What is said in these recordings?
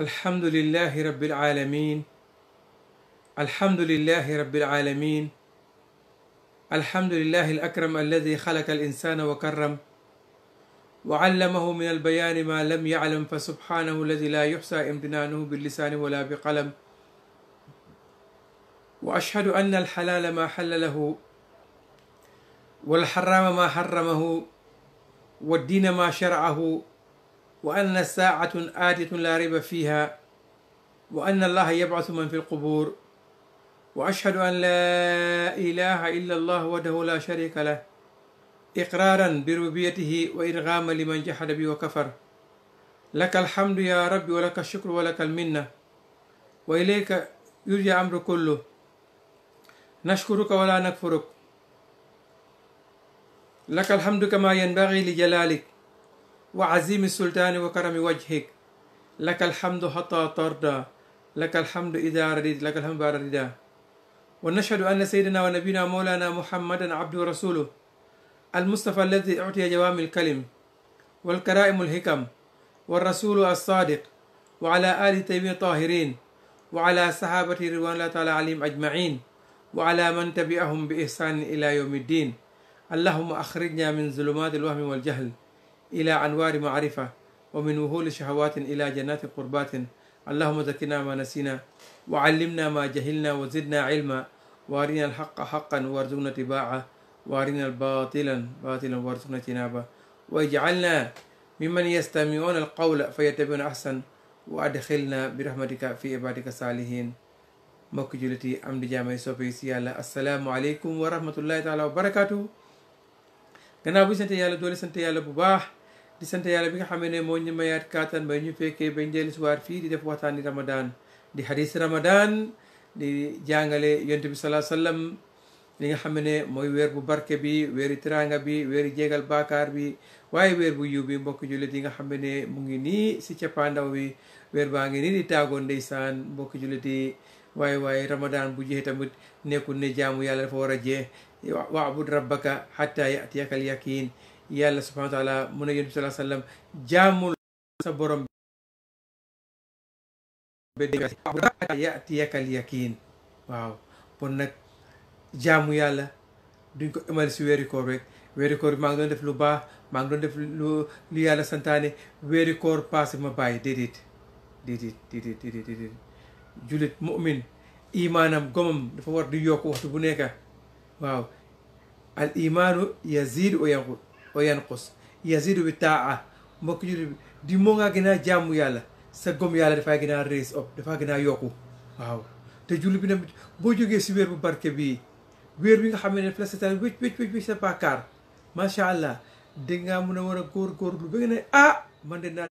الحمد لله رب العالمين الحمد لله رب العالمين الحمد لله الأكرم الذي خلق الإنسان وكرم وعلمه من البيان ما لم يعلم فسبحانه الذي لا يحصى امتنانه باللسان ولا بقلم وأشهد أن الحلال ما حلله والحرام ما حرمه والدين ما شرعه وأن الساعة آتية لا ريب فيها وأن الله يبعث من في القبور وأشهد أن لا إله إلا الله وحده لا شريك له إقرارا بربوبيته وإرغاما لمن جحد به وكفر لك الحمد يا رب ولك الشكر ولك المنة وإليك يرجى أمر كله نشكرك ولا نكفرك لك الحمد كما ينبغي لجلالك وعزيم السلطان وكرم وجهك لك الحمد حتى ترضى لك الحمد إذا رديت لك الحمد بعد الرضا ونشهد أن سيدنا ونبينا مولانا محمدا عبده ورسوله المصطفى الذي أعطي جوام الكلم والكرائم الحكم والرسول الصادق وعلى آل تيمين الطاهرين وعلى صحابة رضوان الله تعالى عليهم أجمعين وعلى من تبعهم بإحسان إلى يوم الدين اللهم أخرجنا من ظلمات الوهم والجهل إلى أنوار معرفة ومن وهول شهوات إلى جنات قربات اللهم زكنا ما نسينا وعلمنا ما جهلنا وزدنا علما وارنا الحق حقا وارزقنا اتباعه وارنا الباطلا باطلا وارزقنا اجتنابه واجعلنا ممن يستمعون القول فيتبعون أحسن وأدخلنا برحمتك في عبادك الصالحين مكجلتي أمد جامع سوفي سيالا السلام عليكم ورحمة الله تعالى وبركاته جنابي سنتي يالا دولي سنتي يالا بباح di sante yalla bi nga xamene mo ñu mayat katan ba ñu fi di def waxtan di ramadan di hadis ramadan di jangale yonte bi Alaihi Wasallam li nga xamene moy mooy bu barke bi weeri tiranga bi weeri jégal bakar bi waye weer bu yubi bi mbokk jullit yi nga xamene mu ngi ci si ndaw wi weer ba ngi ni di wae wae mbokk julit yi waye waye ramadan bu jeexee tamit neeku ne jaamu yalla dafa wara a wa'bud rabbaka hatta ya'tiyakal yaqin yàlla subhanahu wa taala mu ne yonent bi sallallahu alayhi wa sallam jaamul sa borom yatiyakal waaw kon nag jaamu yàlla duñ ko imal si weeri koor rek weeri maa ngi doon def lu baax maa ngi doon def lu lu yàlla santaane weeri paase ma bàyyi déedéet déedéet déedéet déedéet mu'min imaanam gomam dafa war di yokk waxtu bu nekka waaw al imaanu yaziid wa wa yanqus yazidu bi taa mbokk jullit bi di moo ngaa gën a jaamu yàlla sa gom yàlla dafaa gën a raise up dafaa gën a yokku waaw te jullit bi tamit boo jógee si weer gu barke bi weer bi nga xam ne daf la setal wécc wécc wécc sa bàkkaar macha allah dangaa mun a war a góorgóorlu ba nga ne ah man de naa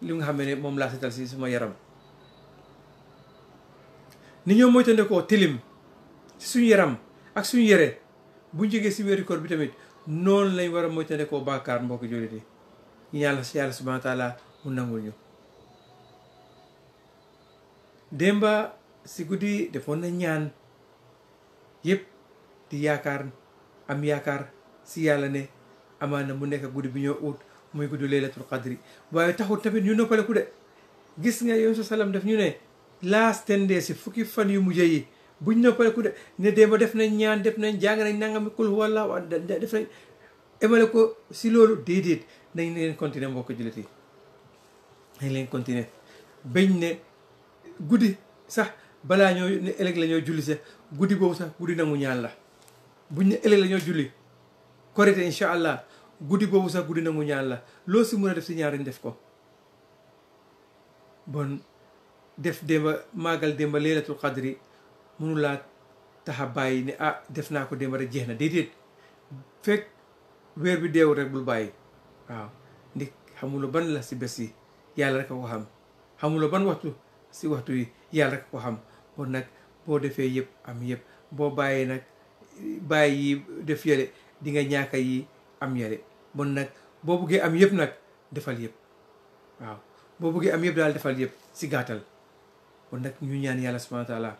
li nga xam ne moom laa setal suma yaram ni ñoo moytandikoo tilim si suñu yaram ak suñu yére bu jógee si wéeru koor bi tamit noonu lañ war a moytandikoo bàkkaar mbokk jullit yi ñu yàlla yàlla subhaana mu nangul démba si guddi defoon na ñaan yëpp di yaakaar am yaakaar si yàlla ne amaana mu nekk guddi bi ñoo ut muy guddi laylatul qadri waaye taxul tamit ñu noppaleku de gis nga yoon sa salam daf ñu ne last ten si fukki fan yu mujj yi bu buñ noppaleku de ne démb def nañ ñaan def nañ jàng nañ nangam kul wala def nañ emale ko si loolu déedéet nañ leen continuer mbokk jullit yi nañ leen continuer bañ ne guddi sax balaa ñoo ne ëllëg la ñoo julli guddi boobu sax guddi nangu ñaan la buñ ne ëllëg la ñoo julli korite incha allah guddi boobu sax guddi nangu ñaan la loo si mën a def si ñaar ñu def ko bon def démba màggal démba leelatul qadri mënulaa tax a bàyyi ne ah def naa ko dem démb rek jeex na déedéet fekk weer bi deewul rek bul bàyyi waaw ndik xamuloo ban la si bés yi yàlla rek a ko xam xamuloo ban waxtu si waxtu yi yàlla rek a ko xam kon nag boo defee yëpp am yëpp boo bàyyee nag bàyyi def yële di nga ñaaka am yële bon nag boo buggee am yëpp nag defal yëpp waaw boo buggee am yëpp daal defal yëpp si gàttal kon nag ñu ñaan yàlla subhana taala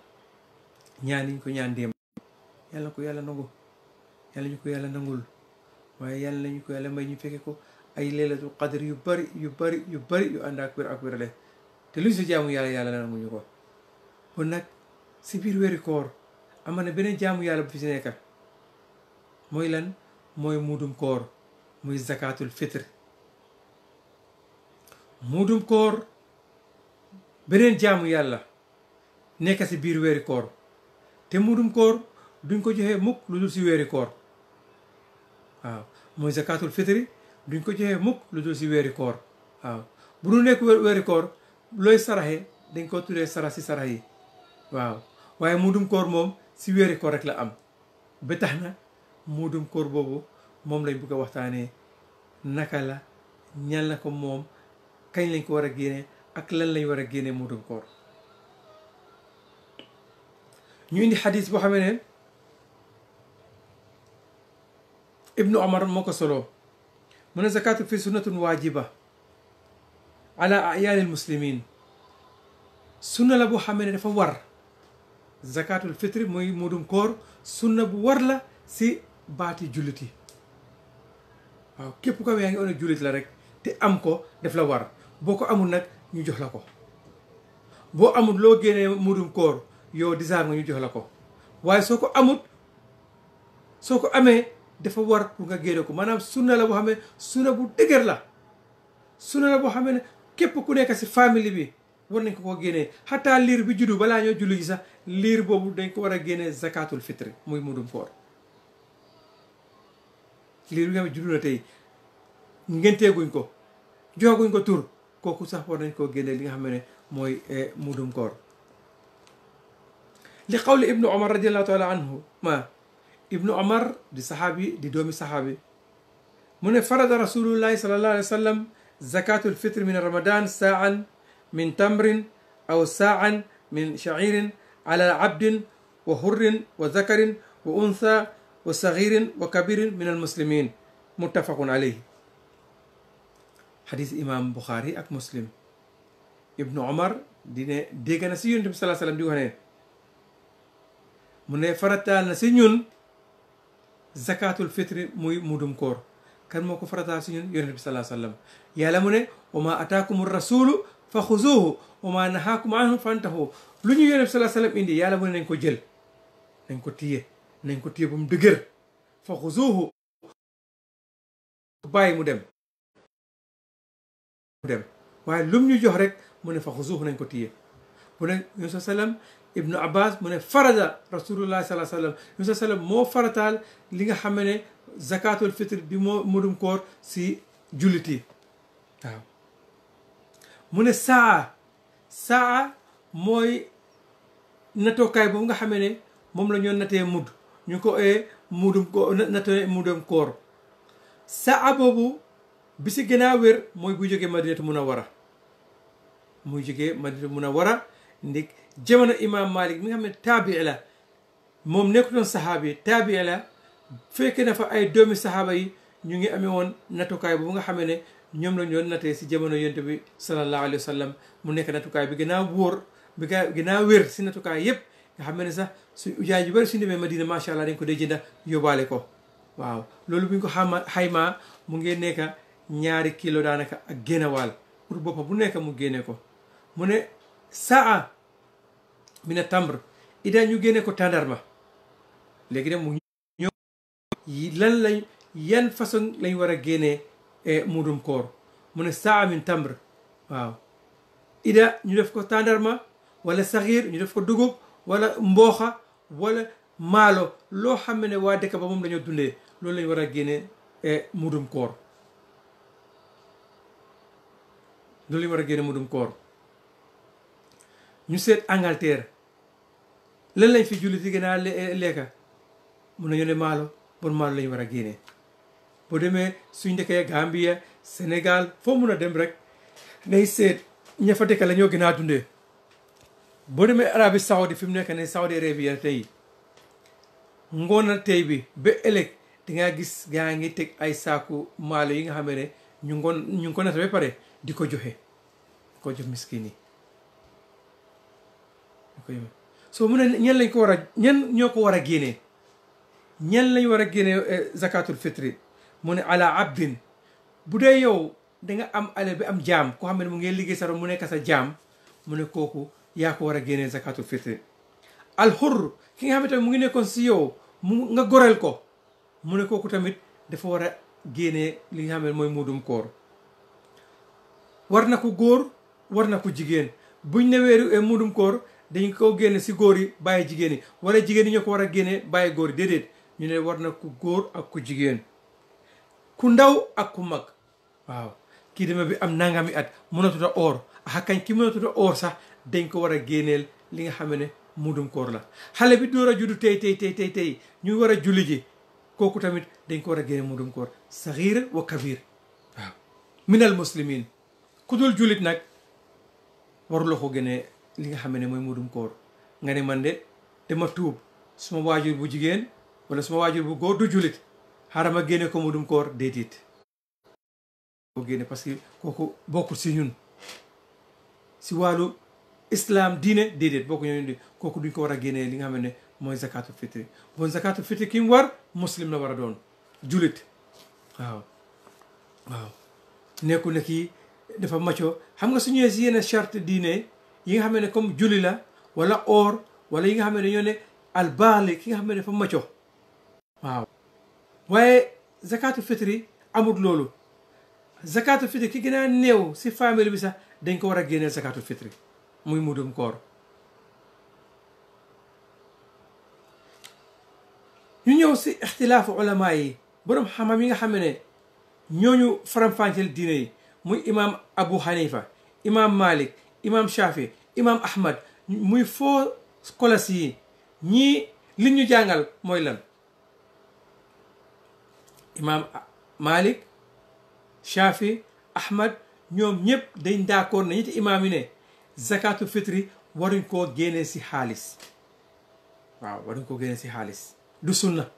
ñaan yiñ ko ñaan démb yàlla ko yàlla nangu yàlla ñu ko yàlla nangul waaye yàlla nañu ko yàlla may ñu fekke ko ay leelatul qadr yu bari yu bari yu bari yu ànd ak wér te lu si jaamu yàlla yàlla nanguñu ko kon nag si biir wéri koor na beneen jaamu yàlla bu fi si nekka mooy lan mooy muudum koor muy zakatul fitr muudum koor beneen jaamu yàlla nekk si biir wéri koor te mudum koor duñ ko joxee mukk lu dul ci weeri koor waaw mooy zakatul fitri duñ ko joxee mukk lu dul ci weeri koor waaw bu dul nekk weeri koor looy saraxe dañ ko tuddee sarax si sarax yi waaw waaye mudum koor moom si weeri koor rek la am ba tax na muudum koor boobu moom lañ bëgg a waxtaanee naka la ñan la ko moom kañ lañ ko war a génne ak lan lañ war a génne mudum koor ñu indi xadis boo xam ne ibnu omar moo ko solo mu ne zakatu fi sunnatun waajiba ala ayaani almuslimin sunna la boo xam ne dafa war zakatul fitri muy mudum koor sunna bu war la si baati jullit yi waaw képp ko yaa ngi la rek te am ko daf la boo ko amul nag ñu jox la ko boo amul loo génnee mudum koor yow disaar nga ñu jox la ko waaye soo ko amut soo ko amee dafa war pour nga génne ko maanaam sunna la boo xam ne bu dëgër la sunna boo xam képp ku nekk si famille bi war nañ ko ko génnee xataa liir bi juddu balaa ñoo julli ji sax liir boobu dañ ko war a génnee zakatul fitri muy mudum koor liir bi nga tey ngenteeguñ ko joxaguñ ko tur kooku sax war koo génnee li nga xam ne mooy eh, mudum koor لقول ابن عمر رضي الله تعالى عنه ما ابن عمر دي صحابي دي دومي صحابي من فرض رسول الله صلى الله عليه وسلم زكاة الفطر من رمضان ساعا من تمر أو ساعا من شعير على عبد وحر وذكر وأنثى وصغير وكبير من المسلمين متفق عليه حديث إمام بخاري أك مسلم ابن عمر دي ديغنا صلى الله عليه وسلم دي mu ne farataal na si ñun zakatul fitri muy mu mudum koor kan moo ko farataal si ñun yonent bi salaa sallam yàlla mu ne wa ma ataakum rasulu fa xuzuhu wa ma nahaakum anhu fantahu lu ñu yonent bi salaa indi yàlla mu ne nañ ko jël nañ ko tiye nañ ko téye bu mu dëgër fa xuzuhu bàyyi mu dem mu dem waaye lum ñu jox rek mu ne fa xuzuhu nañ ko téye bu ne yonent bi sallam ibnu abbas mu ne farada rasulullah sallallahu alayhi wa moo farataal li nga xam ne zakatul fitr bi moo mudum koor si jullit yi waaw mu ne saa saa mooy natookaay boobu nga xam ne moom la ñoo natee mudd ñu ko ee mudum ko natee mudum koor saa boobu bi si gën a wér mooy bu jógee madinatu munawwara muy jógee a munawwara ndik jamono imam malik mi nga xam ne taabii la moom nekkutoon saxaaba yi taabii la fekke na fa ay doomi saxaaba yi ñu ngi amee woon natukaay bu nga xam ne ñoom lañu doon natee si jamono yonent bi sallallahu alayhi wa sallam mu nekk natukaay bi gënaa wóor bi gënaa wér si natukaay yëpp nga xam ne sax su ujaay ju bëri suñu demee Madina macha allah dañ ko dee jënda yóbbaale ko waaw loolu bu ñu ko xama xaymaa mu ngi nekk ñaari kilo daanaka ak génn pour boppa bu nekk mu génne ko mu ne saa mu ne tamr ida ñu génne ko tàndarma léegi nag mu ñëw lan lañ yan façon lañ war a génne eh, mudum koor mu ne saa min tamr waaw ñu def ko tàndarma wala saxiir ñu def ko dugub wala mbooxa walla maalo loo xam ne waa dëkk ba moom dañoo dundee loolu lañ war a génnee eh, mudum koor loolu war a génnee mudum koor ñu seet Angleterre lan lañ fi jullit yi gën a eh, lekka mun nañu ne maalo bon maalo lañu war a génnee boo demee suñ ndëkkee Gambia Sénégal foo mun a dem rek nay seet ña fa dëkk la gën a dundee boo demee Arabie sawdi fi mu nekk ne Saudi Arabia tey ngoon ngoonal tey bi ba ëllëg dingaa gis gaa ngi teg ay saaku maalo yi nga xam ne ñu ngoon ñu ngi ko natt pare di ko joxe ko jox miskin soo mu ne ñen lañ ko war a ñen ñoo ko war a génnee ñen lañ war a génnee eh, zakatul fitri mu ne ala abdin bu dee yow danga am ale bi am jaam koo xam ne mu ngi liggéey sa mu nekk sa jaam mu ne kooku yaa ko war a génnee zakatul fitri alxur ki nga xam ne tamit mu ngi nekkoon si yow mu nga goreel ko mu ne kooku tamit dafa war a génnee li nga xam ne mooy muudum koor war na ko góor war na ko jigéen buñ ne weeru eh, muudum koor dañ ko génne si góor yi bàyyi jigéen yi wala jigéen yi ñoo ko war a génne bàyyi góor yi déedéet ñu ne war na ku góor ak ku jigéen ku ndaw ak ku mag waaw kii dama bi am nangami at mënatut a oor xakkañ ah ki mënatut a oor sax dañ ko war a génneel li nga xam ne muudum koor la xale bi door a juddu tey tey tey tey tey ñu war a julli ji kooku tamit dañ ko war a génne muudum koor saxiir wa kabir waaw minal muslimin ku dul jullit nag waruloo ko génnee li nga xam ne mooy muudum koor nga ne man de dama tuub suma waajur bu jigéen wala suma waajur bu góor du julit xaaral ma génne ko muudum koor déedéet boo génne parce que kooku bokkul si ñun si wàllu islam diine déedéet bokku ñu di kooku duñ ko war a génnee li nga xam ne mooy zakatu fitri bon zakatu fitri ki mu war muslim la war a doon julit waaw nekku ne kii dafa maco xam nga su ñëwee si yenn charte diine yi nga xam ne comme julli la wala or wala yi nga xam ne dañoo ne albaali ki nga xam ne dafa maco waaw waaye zakatu fitri amul loolu zakatu fitri ki gën a néew si famille bi sax dañ ko war a génneel zakatu fitri muy mudum koor ñu ñëw si ixtilaafu ulama yi borom xam yi nga xam ne ñooñu faram-fàcceel diine yi muy imaam Abu Hanifa imaam Malik imam Shafi imam Ahmad muy foo scolaires yi ñii li ñu jàngal mooy lan imam Malik Shafi Ahmad ñoom ñëpp dañ d'accord na ñetti imaam yi ne zakatu fitri waruñ koo génnee si xaalis waaw waruñ koo génnee ci xaalis du sunna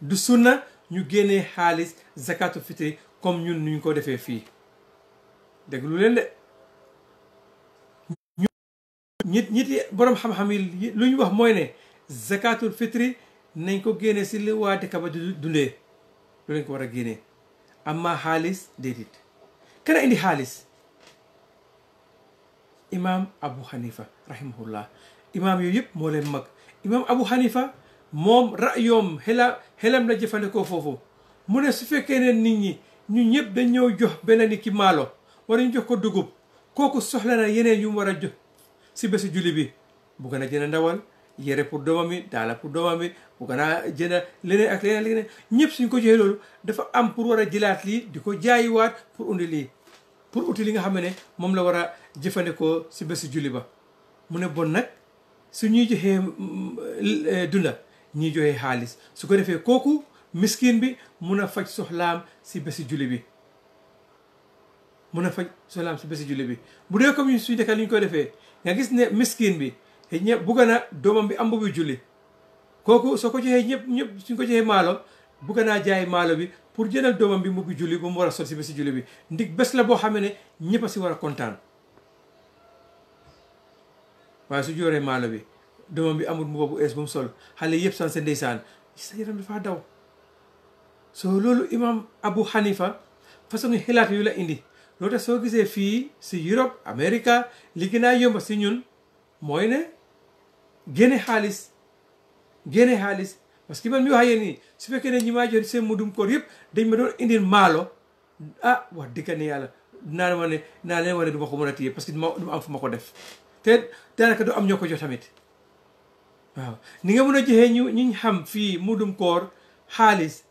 du sunna ñu génnee xaalis zakatu fitri comme ñun ñu ko defee fii déglu leen de ñit ñiti borom xam yi lu ñu wax mooy ne zakatul nañ ko génne si li waa dëkk ba di dundee ko war a génne amma xaalis déedéet kana indi xaalis imaam abu xanifa rahimahullah imaam yooyu yëpp moo leen mag imaam abu xanifa moom rayoom xela xelam la jëfandikoo foofu mu ne su fekkee ne nit ñi ñu ñëpp dañ ñëw jox benn nit ki maalo wala ñu jox ko dugub kooku soxla na yeneen yu mu war a jox si bési julli bi bugg na jënd ndawal yere pour doomam bi daala pour doomam bi bugg naa jënd leneen ak leneen leneen ñëpp suñ ko joxee loolu dafa am pour war a jëlaat lii di ko jaayiwaat pour undi lii pour uti li nga xam ne moom la war a jëfandikoo si bési julli ba mu ne bon nag su ñuy joxee mm, mm, dunda ñuy joxee xaalis su ko defee kooku miskin bi mun a faj soxlaam si bési julli bi mun a faj soxlaam si bési julli bi bu dee ko suñu dëkk li ñu ko defee nga gis ne miskin bi xëy ñëpp bugg na doomam bi am bu julli kooku soo ko joxee ñëpp ñëpp suñ ko joxee maalo bugg naa jaay maalo bi pour jëndal doomam bi mbubbi julli ba mu war a sol si bési bi ndig bés la boo xamee ne ñëpp si war a kontaan waaye su jooree maalo bi doomam bi amul mbuba bu ees bu mu sol xale yëpp san sa ndeysaan sa yaram dafaa daw soo loolu imam Abu Hanifa façon xalaat yu la indi loolu tax soo gisee fii si Europe America li gën a yomb si ñun mooy ne génne xaalis génne xaalis parce que man mi wax yéen nii su fekkee ne ñi maa jox seen mudum yëpp dañ ma doon indil maalo ah, wax dëgg ne yàlla naa ma ne naa leen wane du ma ko mën a téye parce que du ma am fu ma ko def te daanaka du am ñoo ko jox tamit waaw ni nga mën a joxee ñu xam fii mudum koor xaalis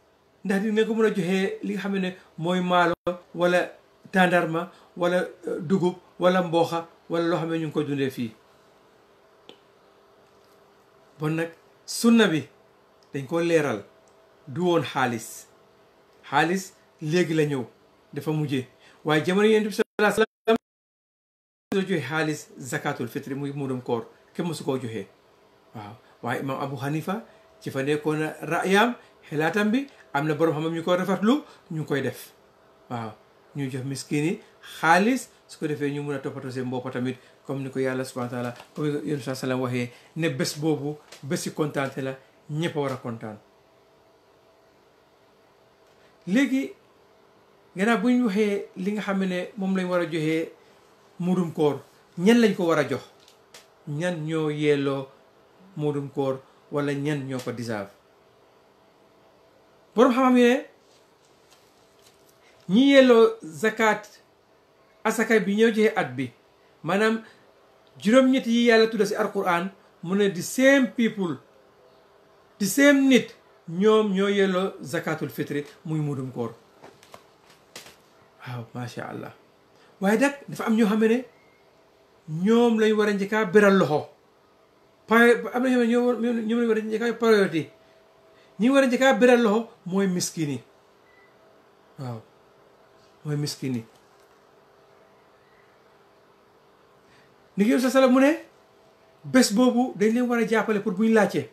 ndax di nga ko mën a joxee li nga xam ne mooy maalo wala tàndarma wala euh, dugub walla mbooxa wala loo xam ne ñu ngi koy dundee fii bon nag sunna bi dañ ko leeral du woon xaalis xaalis léegi la ñëw dafa mujjee waaye jamono yonent bi sallallahu alayhi xaalis zakatul fitri muy muudum koor kenn mësu koo joxe waaw waaye imam Abu Hanifa ci fa nekkoon rayaam xelaatam bi am na borom xam-xam ñu koy rafetlu ñu ngi koy def waaw ñuy jox miskin yi xaalis su ko defee ñu mun a toppatoo seen bopp tamit comme ni ko yàlla subhanahu wa taala comme ko yéen saa waxee ne bés boobu bési kontaante la ñëpp a war a kontaan léegi gannaaw bu ñu waxee li nga xam ne moom lañ war a joxee muudum koor ñan lañ ko war a jox ñan ñoo yeeloo muudum koor wala ñan ñoo ko deserve borom xam yi ñi yelloo zakat asaka bi ñoo joxe at bi maanaam juróom-ñett yi yàlla tudda si alquran mu ne di same people di same nit ñoom ñoo yelloo zakatul fitri muy mudum koor waaw macha allah waaye nag dafa am ñoo xam ne ñoom lañ war a njëkkaa beral loxo am na ñoo xam ne ñoom lañ war a ñi war a njëkkaa beral loxo mooy miskin yi waaw mooy miskin yi ni ngi sa sala mu ne bés boobu dañ leen war a jàppale pour buñ laajte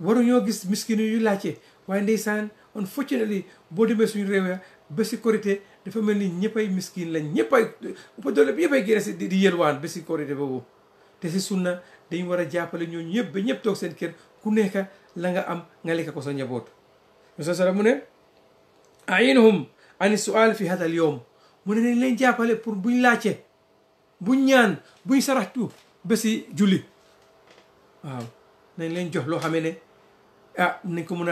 waruñoo gis miskin yu ñu laajte waaye ndeysaan unfortunately boo demee suñu réew ya bési korité dafa mel ni ñëppay miskin lañ ñëppay ëppa doole bi ñëppay génne si di yelwaan bési korité boobu te si sunna dañ war a jàppale ñooñu yëpp ba ñëpp toog seen kër ku nekk la nga am nga lekk ko sa njaboot. Musa Sala mu ne ainhum Ani soal fi hada اليوم mu ne nañ leen jàppale pour buñ laajte buñ ñaan buñ saraxtu bési julli waaw nañ leen jox loo ne ah nañ ko mun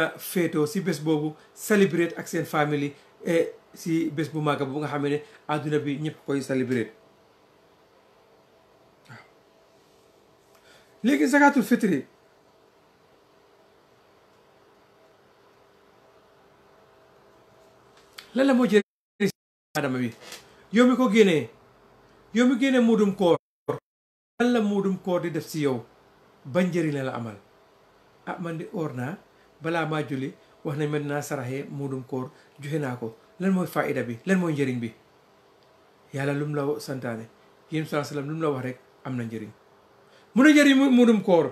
si bés boobu célébrer ak seen famille et si bés bu màgg bu nga xamee ne àdduna bi ñëpp koy célébrer waaw ah. zakatul fitri lan la moo ci adama bi yow mi ko génnee yow mi génnee muudum koor lan la muudum koor di def si yow ba njëriñ la amal ah man di oor naa balaa maa julli wax nañ ma dinaa saraxee muudum koor joxe naa ko lan mooy faida bi lan mooy njëriñ bi yàlla lu la santaane yéen saa salaam lu mu la wax rek am na njëriñ mu ne njëriñ muudum koor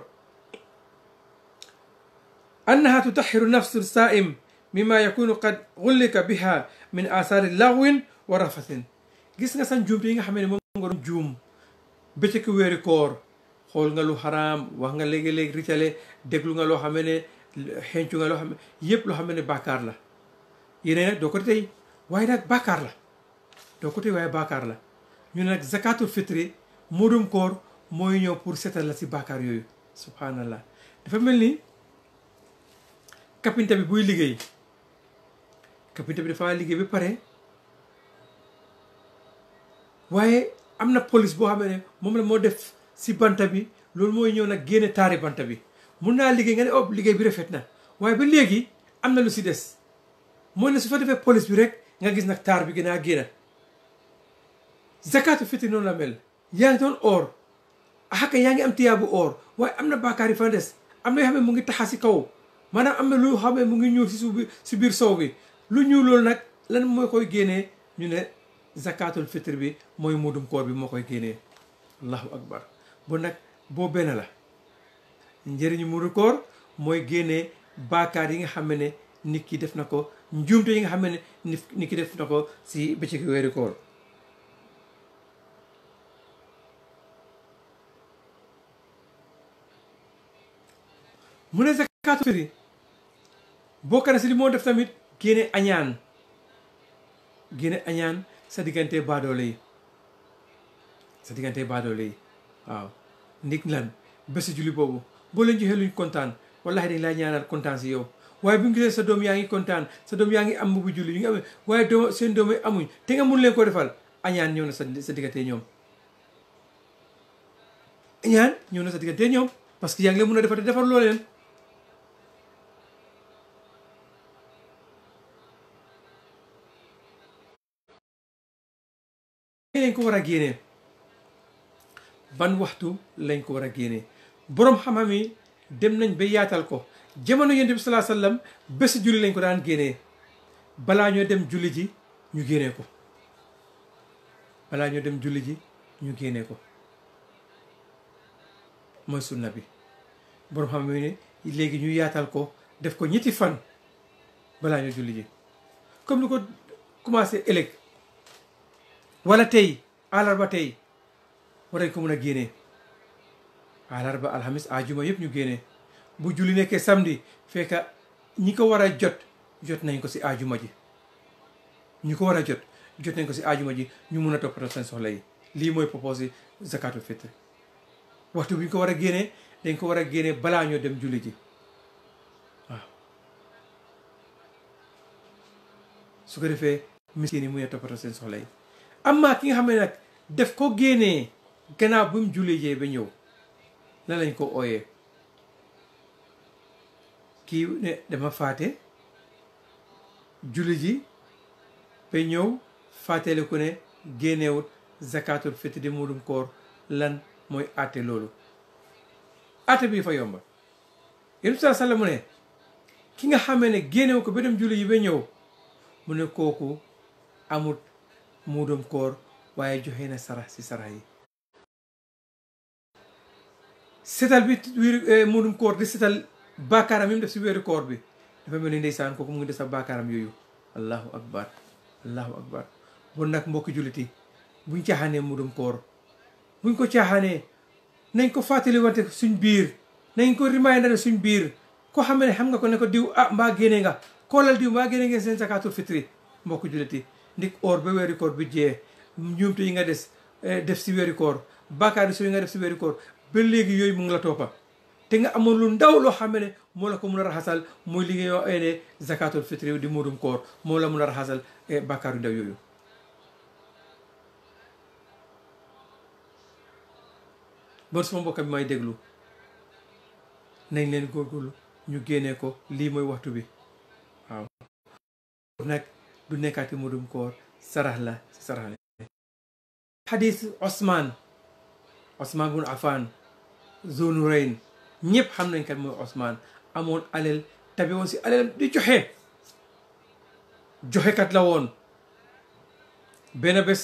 tax tutaxiru nafsu saim mimma yakunu qad bi biha min asaari laxwin wa rafasin gis nga san juum te yi nga xam ne moom nga doon juum bëccëg wéeri koor xool nga lu xaraam wax nga léegi-léegi ritale déglu nga loo xam ne xencu nga loo xam ne yëpp loo xam ne bàkkaar la yéene nag doo ko tey waaye nag bàkkaar la doo ko tey waaye la ñu ne nag zakatul fitri mudum koor mooy ñëw pour setal la si bàkkaar yooyu subhanallah dafa mel ni kapinta bi buy liggéey capitaine bi dafa liggéey pare waaye am na police boo xam ne moom la moo def si banta bi loolu mooy ñëw nag génne taari banta bi mun naa liggéey nga ne oh liggéey bi rafet na waaye ba léegi am na lu si des mooy ne su fa defee police bi rek nga gis nag taar bi gën a génn zakatu fitri noonu la mel yaa ngi doon or xakka yaa ngi am bu or waaye am na baakaar yi fa des am na yoo xam mu ngi taxa si kaw maanaam am na lu xam ne mu ngi ñuul si bi si biir sow bi lu ñuul loolu nag lan mooy koy génnee ñu ne zakatul fitr bi mooy muudum koor bi moo koy génnee allahu akbar bu nag boo benn la njëriñu muudu koor mooy génnee baakaar yi nga xam ne nit ki def na ko njuumte yi nga xam ne nit ki def na ko si bëccëg weeru koor mu ne zakatul fitr bokk na si li moo def tamit gene añan gene añan sa diggante badole yi sa diggante ah niklan, waaw ndig lan bëss julli bobu bo leen joxee luñ contane wallahi dañ la ñaanal kontan, ci yow waye bu ñu gisee sa doom yaangi contane sa doom yaangi am bu julli ñu ngi waye do seen doom ay amuñ te nga leen ko defal añan ñëw na sa sa ñëw na sa ñom parce que yaangi defal defal lo leen lañ ko war a génnee ban waxtu lañ ko war a génnee boroom xamam xam yi dem nañ ba yaatal ko jamono yonent bi salaa bés bési julli lañ ko daan génnee balaa ñoo dem julli ji ñu génnee ko balaa ñoo dem julli ji ñu génnee ko mooy sunna bi boroom xam ne léegi ñu yaatal ko def ko ñetti fan balaa ñu julli ji comme ni ko commencé ëllëg wala tey ba tey war nañ ko mën a génnee àllarba alxamis ajuma yëpp ñu génnee bu julli nekkee samedi fekka ñi ko war a jot jot nañ ko si ajuma ji ñi ko war a jot jot nañ ko si ajuma ji ñu mun a toppatoo seen soxla yi lii mooy proposé zakatul fitr waxtu bu ñu ko war a génnee dañ ko war a génnee balaa ñoo dem julli ji waaw su ko defee miskin yi mu a toppatoo seen soxla yi amma ki nga xam ne nag def ko génnee gannaaw bi mu julli ba ñëw lan lañ ko ooyee kii ne dama faate julli ji ba ñëw fàttali ku ne génnewut zakatul fitri di muudum koor lan mooy àtte loolu àtte bi fa yomba yéen saa sala ne ki nga xam ne génneew ko ba dem julli yi ba ñëw mu ne kooku amut muudam koor waaye joxe na sarax si sarax yi bi wér eh, muudum koor di setal baakaaram yi def si wéeru koor bi dafa mel ni ko kooku mu ngi def sa baakaaram yooyu allahu akbar allahu bon nag mbokki julliti buñ caaxaanee muudum koor buñ ko caaxaanee nañ ko fàttali wante suñ biir nañ ko reminder suñ biir koo xam ne xam nga ko ne diw ah mbaa génne nga koolal diw mbaa génne nga seen zakaatul fitri mbokki julliti ndik oor ba weeri koor bi jee njuumte yi nga des eh, def si weeri koor bàkkaar su yi nga def si weeri koor ba léegi yooyu mun ngi la toppa te nga amoon lu ndaw loo xam ne moo la ko mun a raxasal muy li nga ay eh, ne zakatul fitri di muudum koor moo la mun a raxasal eh, bàkkaar yu ndaw yooyu bi may déglu nañ leen góorgóorlu ñu génnee ko lii mooy waxtu bi waaw du nekkaati mudum koor sarax la si sarax la xadis osman osman bun afan zonu reyn ñépp xam nañ kat mooy osmaan amoon alel tabi si alel di joxe joxekat la woon benn bés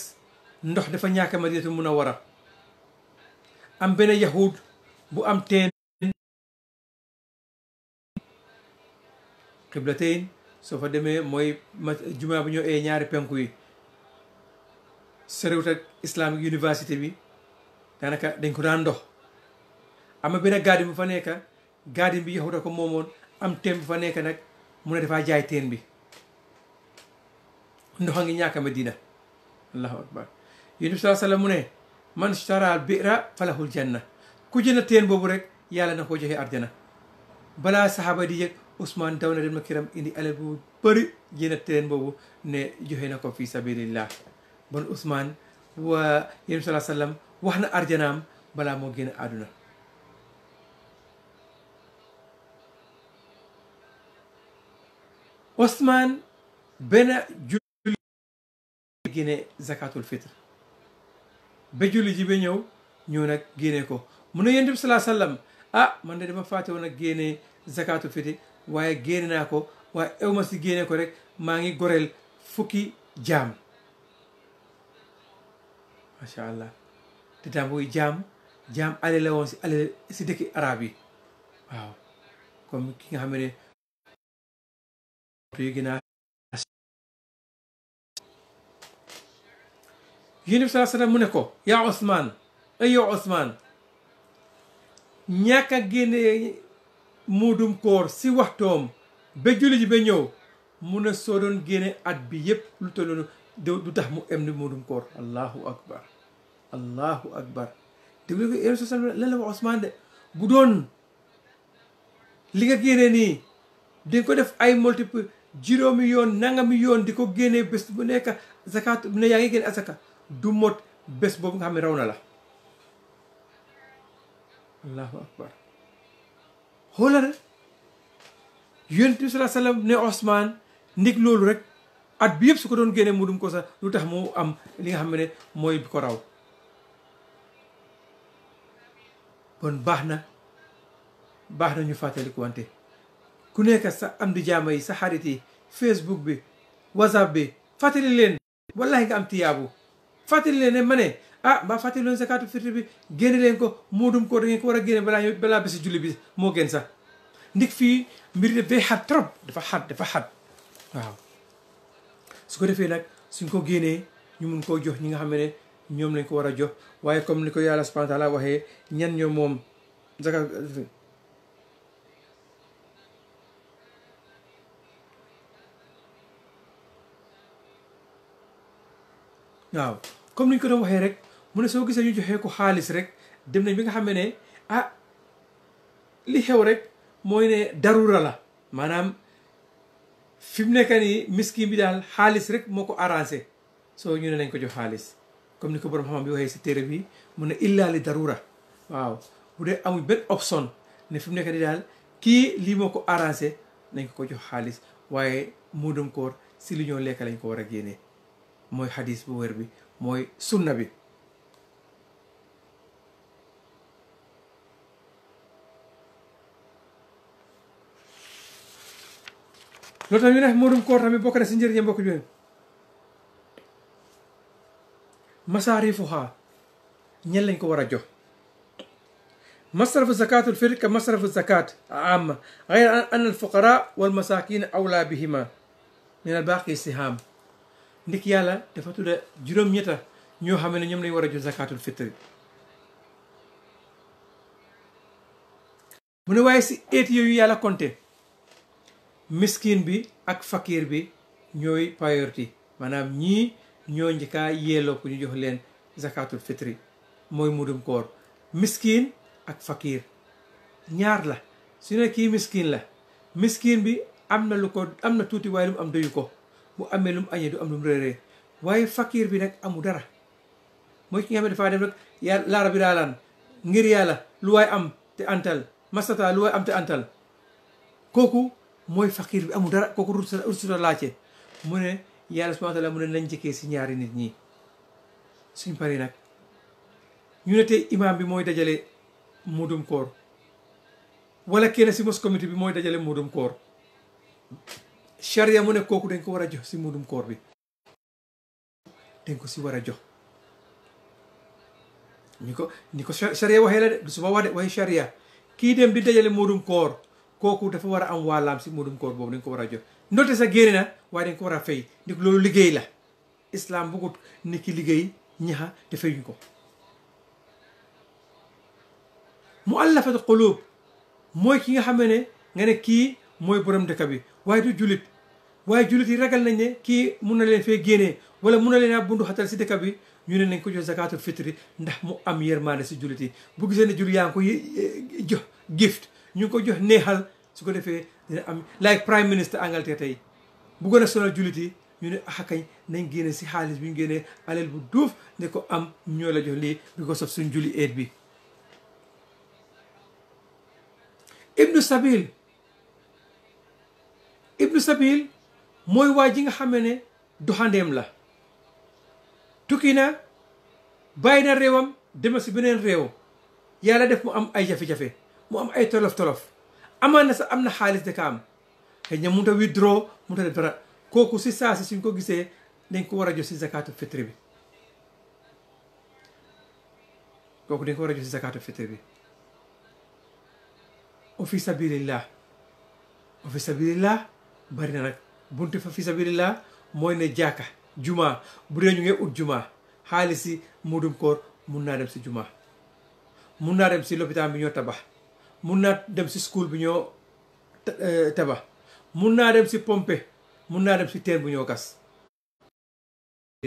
ndox dafa ñàkk madinatu mun a wara a am benn yahud bu am teen qiblatain soo fa demee mooy ma jumaa bi ñoo ee ñaari penku yi sorewut ak islamique université bi danaka dañ ko daan ndox ama benn gardien bu fa nekka gardien bi yaxuta ko moomoon am teen bu fa nekka nag mu ne defaa jaay teen bi ndox a ngi ñàkk Madina allahu akbar yonent sa saa mu ne man bi staral bira falahul na ku jënd teen boobu rek yàlla na koo joxe arjana balaa saxaaba di yëg Ousmane daw na dem na këram indi alal bu bëri jënd teen boobu ne joxe na ko fi sabilillah bon Ousmane waa yéen sala sallam wax na arjanaam balaa moo génn àdduna Ousmane benn julli génne zakatul fitre ba ñëw ñëw nag génne ko mu ne yéen bi salaa sallam ah man na dama fàtte woon a génne zakatul fitre waaye génne naa ko waaye ew ma si génne ko rek maa ngi goreel fukki jaam macha allah te tam buy jaam jaam ale woon si dëkki arab yi waaw comme ki nga xam ne yu gën mu ne ko yaa Ousmane ay yow Ousmane ñàkk a génne muudum koor si waxtoom ba julli ji ba ñëw mu ne soo doon génne at bi yépp lu tolloon du tax mu em ni muudum koor allahu akbar allahu akbar déglu ko yéen sosal la wax Ousmane de nga génnee nii di ko def ay multiple juróomi yoon nangami yoon di ko génnee bés bu nekk zakat ne yaa ngi génne asaka du mot bés boobu nga xam ne raw na la allahu akbar xoolal yonent bi salaa sallam ne osmaan ndig loolu rek at bi yëpp su ko doon génne mu dum ko sax lu tax mu am li nga xam ne mooy bi ko raw bon baax na baax na ñu fàttaliku ku nekk sa am di jaama yi sa xarit yi Facebook bi WhatsApp bi fàttali leen wallahi nga am tiyaabu fàttali leen ne ah mbaa fàttali loon zakatu fitri bi génne leen ko ko da ko war a génne balaa balaa bési julli bi moo gën sax ndik fii mbir dafay xat trop dafa xat dafa xat waaw su ko defee nag suñ ko génnee ñu mun koo jox ñi nga xam ne ñoom lañ ko war a jox waaye comme ni ko yàlla subhanahu wa taala waxee ñan ñoom moom waaw comme ni ko doon waxee rek mu ne soo gisee ñu joxee ko xaalis rek dem nañ bi nga xam ne ah li xew rek mooy ne darura la maanaam fi mu nekk nii miskin bi daal xaalis rek moo ko arrangé soo ñu ne nañ ko jox xaalis comme ni ko borom bi waxee si téere bi mu ne illaa li darura waaw bu dee amul benn option ne fi mu nekk nii daal kii lii moo ko arrangé nañ ko ko jox xaalis waaye mu muudum koor si li ñoo lekk lañ ko war a génnee mooy xadis bu wér bi mooy sunna bi loolu tamit ñu ne mburum koor tamit bokk na si njëriñam mbokk jullit masaarifuha ñen lañ ko war a jox masrafu zakatul fitr ka masrafu zakat amma gayra an al fuqara wal masakin awla bihima min al yàlla dafa tudda juróom-ñetta xam ne ñoom lañ war a jox zakatul fitr mu ne waaye si eet yooyu yàlla compté miskin bi ak fakir bi ñooy priorité maanaam ñii ñoo njëkkaa yelloo ku ñu jox leen zakatul fitri mooy mudum koor miskin ak fakir ñaar la si ne kii miskin la miskin bi am na lu ko am na tuuti waaye lu am doyu ko bu amee lum añee du am lu mu waaye fakir bi nag amu dara mooy ki nga xam ne dafaa dem rek yàlla ngir yàlla lu waay am te antal masata lu waay am te antal kooku moy fakir amu dara koku rut su la ci mune yalla ya subhanahu wa taala mune lañ jike ci si ñaari nit ñi suñu pare nak ñu ne bi moy dajale mudum koor wala kene ci mos committee bi moy dajale mudum koor sharia mune koku dañ ko wara jox si mudum koor bi dañ ko ci wara jox niko niko sharia wa charia suba wa de du suma dem di dajale mudum koor kooku dafa war a am waalaam si mudum koor boobu dañ ko war a jot ndoonte sa génne na waaye dañ ko war a fay ndik loolu liggéey la islaam bëggut ni ki liggéey ñaxa te fayuñ ko mu allafat mooy ki nga xam ne nga ne kii mooy borom dëkk bi waaye du julit waaye julit yi ragal nañ ne kii mun na leen fee wala mun na leen a bundu xatal si dëkk bi ñu ne nañ ko jox zakatul fitri ndax mu am yërmande si julit yi bu gisee ne jul yaa ngi ko eh, eh, gift ñu ko jox neexal su ko defee dina am like prime ministre Angleterre tey bëggoon a sonal jullit yi ñu ne axakañ ah, nañ génne si xaalis bi ñu génnee alal bu duuf ne ko am ñoo la jox lii bi ko sof suñ julli eet bi ibnu sabil ibnu sabil mooy waa ji nga xamee ne doxandeem la tukki na bàyyi na réewam dema si beneen réew yàlla def mu am ay jafe-jafe mu am ay tolof-tolof amaan na sa am na xaalis da ka am xëy na mënut a withdraw mënut def dara kooku si saa suñ ko gisee dañ ko war a jox si zakatu fitri bi kooku dañ ko war a jox si zakatu fitri bi o fi sabilillah o fi sabilillah bari na nag buntu fa fi sabilillah mooy ne jàkka juma bu dee ñu ngi ut juma xaalis si mudum koor mun naa dem si juma mun naa dem si lopitaan bi ñoo taba mun naa dem si school bu ñoo tabax eh, mun naa dem si pompe mun naa dem si teen bu ñoo gas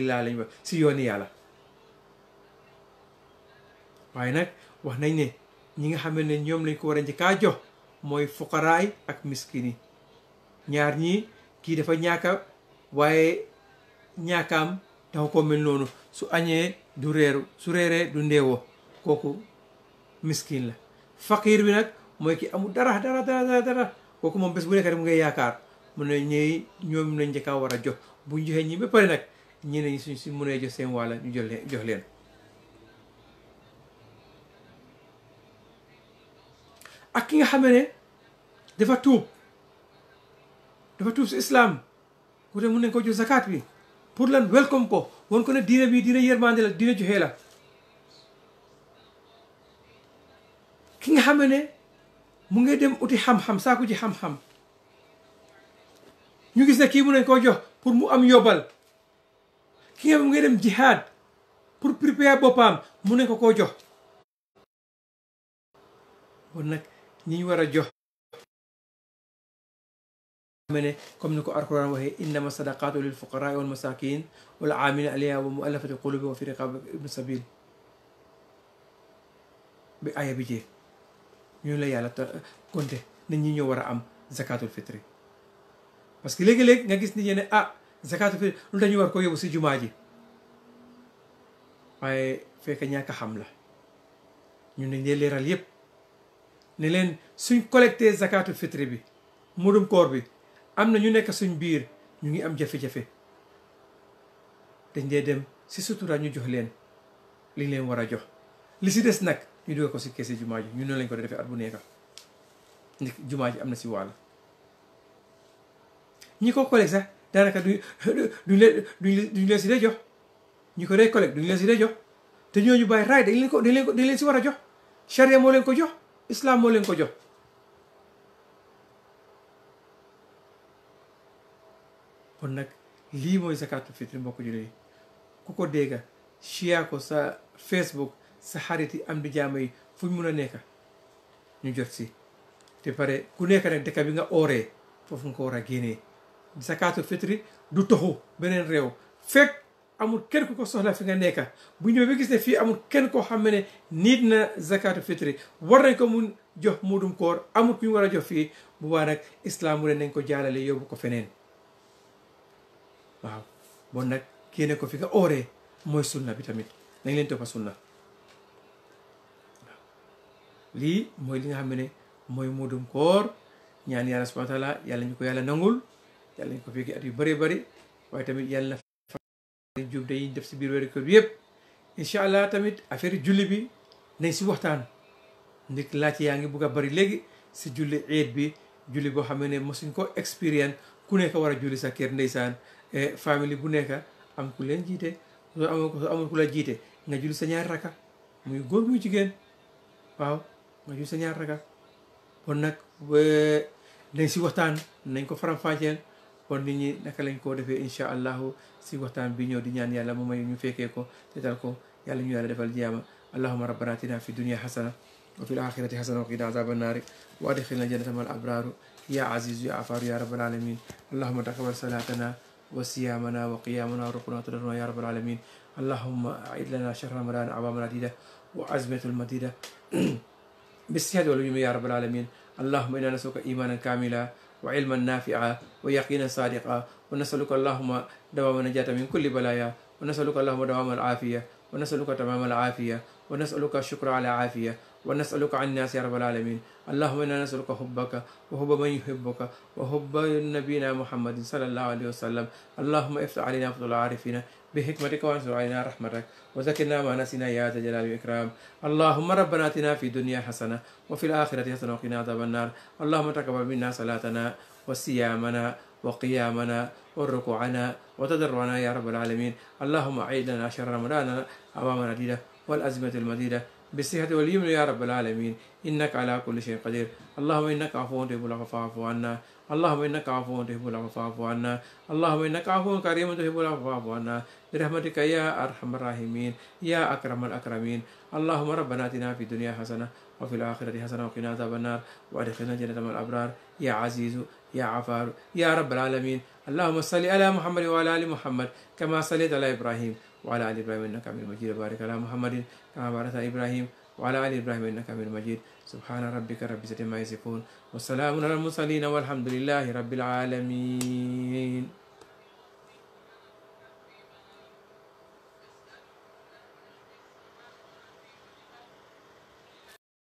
laa lañ wax si yoon yàlla waaye nag wax nañ ne ñi nga xam ne ñoom lañ ko war a njëkkaa jox mooy fuqaraay ak miskin yi ñaar ñii kii dafa ñaaka waaye ñaakam dafa ko mel noonu su añee du reeru su reeree du ndeewoo kooku miskin la faqiir bi nag mooy ki amul dara dara dara dara kooku moom bés bu nekk mu ngay yaakaar mu ne ñooy ñoom lañ njëkk a war a jox buñ joxee ñii ba pare nag ñii ne suñ si mënee jox seen wàll ñu jox leen jox leen ak ki nga xamee ne dafa tuub dafa tuub si islaam ku ne mu nañ ko jox zakat bi pour lan welcome ko won ko ne diine bi diine yërmande la diine joxee la ki nga xam ne mu ngi dem uti xam-xam saaku ci xam-xam ñu gis ne kii mu nañ koo jox pour mu am yóbbal ki nga mu ngi dem jihaad pour préparer boppam mun nañ ko koo jox kon nag ñi ñu war a jox mene comme ni ko alquran waxee innama sadaqatu lil fuqaraa wal masakin wal aamilina alayha wa muallafati qulubi wa fi riqabi ibn sabil bi aaya bi jeex ñu la yàlla compté nit ñi ñoo war a am zakatul fitri parce que léegi-léegi nga gis nit ñi ne ah zakatul fitri lu tax ñu war ko yóbbu si jumaa ji waaye fekk ñàkk xam la ñu ne leen leeral yépp ne leen suñ collecté zakatul fitri bi mudum koor bi am na ñu nekk suñ biir ñu ngi am jafe-jafe dañ dee dem si sutura ñu jox leen li leen war a jox li si des nag ñu dugal ko si kees yi jumaa ji ñu noonu lañ ko defee at bu nekka ndi jumaa am na si wàll ñi ko collègue sax daanaka du duñ leen duñ si dee jox ñi ko dee collègue duñ si da jo te ñooñu ñu raay dañ leen ko dañ leen si war a jox charia moo leen ko jox islam moo leen ko jox kon nag lii sa zakatul fitri mbokk jullit yi ku ko dégga chia ko sa facebook sa xarit yi am di jaama yi fuñ mun a nekk ñu jot si te pare ku nekk nag dëkk bi nga ooree foofu nga ko war a génnee zakaatu fitri du toxu beneen réew fekk amul kenn ku ko fi nga nekk bu ñëwee ba fii amul kenn koo xam ne nit na zakaatu fitri war nañ ko mun jox muudum koor amul ñu war a jox fii bu baax nag islaam mu ne nañ ko jaalale yobbu ko feneen waaw bon nag génne ko fi nga ooree mooy sunna bi tamit nañ leen toppa sunna lii moy li nga xamné moy modum koor ñaan subhanahu wa taala yalla ñu ko yalla nangul yalla ñu ko fekki at yu bari bari way tamit yalla na fa jub day def ci biir wéré koor bi inshallah tamit affaire julli bi si waxtaan ndik la ci yaangi bu ga bari légui ci julli eid bi julli boo xamné ne suñ ko experience ku nekk war julli sa kër ndeysaan e, family bu nekk am ku leen jité soo amul ku la jité nga julli sa ñaar raka muy goor muy jigen waaw nga jul sa ñaar raka kon nag dañ si waxtaan nañ ko faram-fàcceel kon nit ñi naka lañ koo defee incha si waxtaan bi ñëw di ñaan yàlla mu may ñu fekkee ko tetal ko yàlla ñu yàlla defal jaama allahuma rabbana atina fi dunia xasana wa fi l axirati xasana wa qina azaba annaari wa adxilna jannata mal abraaru ya azizu ya afaaru ya rabbal alamin allahuma taqabal salatana wa siyamana wa qiyamana wa ruquna ya rabbal alamin aid lana shahr ramadan بالسهد والجميع يا رب العالمين اللهم إنا نسألك إيمانا كاملا وعلما نافعا ويقينا صادقا ونسألك اللهم دوام النجاة من كل بلايا ونسألك اللهم دوام العافية ونسألك تمام العافية ونسألك الشكر على عافية ونسألك عن الناس يا رب العالمين اللهم إنا نسألك حبك وحب من يحبك وحب نبينا محمد صلى الله عليه وسلم اللهم افتح علينا فضل عارفين بحكمتك وانزل علينا رحمتك وزكنا ما نسينا يا ذا الجلال والإكرام اللهم ربنا آتنا في الدنيا حسنة وفي الآخرة حسنة وقنا عذاب النار اللهم تقبل منا صلاتنا وصيامنا وقيامنا وركوعنا وتضرعنا يا رب العالمين اللهم أعيدنا شر رمضان أمامنا العديدة والأزمة المديدة بالصحة واليمن يا رب العالمين إنك على كل شيء قدير اللهم إنك عفو تحب العفو فاعف عنا اللهم إنك عفو تحب العفو فاعف عنا اللهم إنك عفو كريم تحب العفو فاعف عنا برحمتك يا أرحم الراحمين يا أكرم الأكرمين اللهم ربنا آتنا في الدنيا حسنة وفي الآخرة حسنة وقنا عذاب النار وأدخلنا جنة مع الأبرار يا عزيز يا عفار يا رب العالمين اللهم صل على محمد وعلى آل محمد كما صليت على إبراهيم وعلى آل إبراهيم إنك حميد مجيد بارك على محمد كما باركت على إبراهيم وعلى آل إبراهيم إنك حميد مجيد سبحان ربك رب العزة ما يصفون والسلام على المرسلين والحمد لله رب العالمين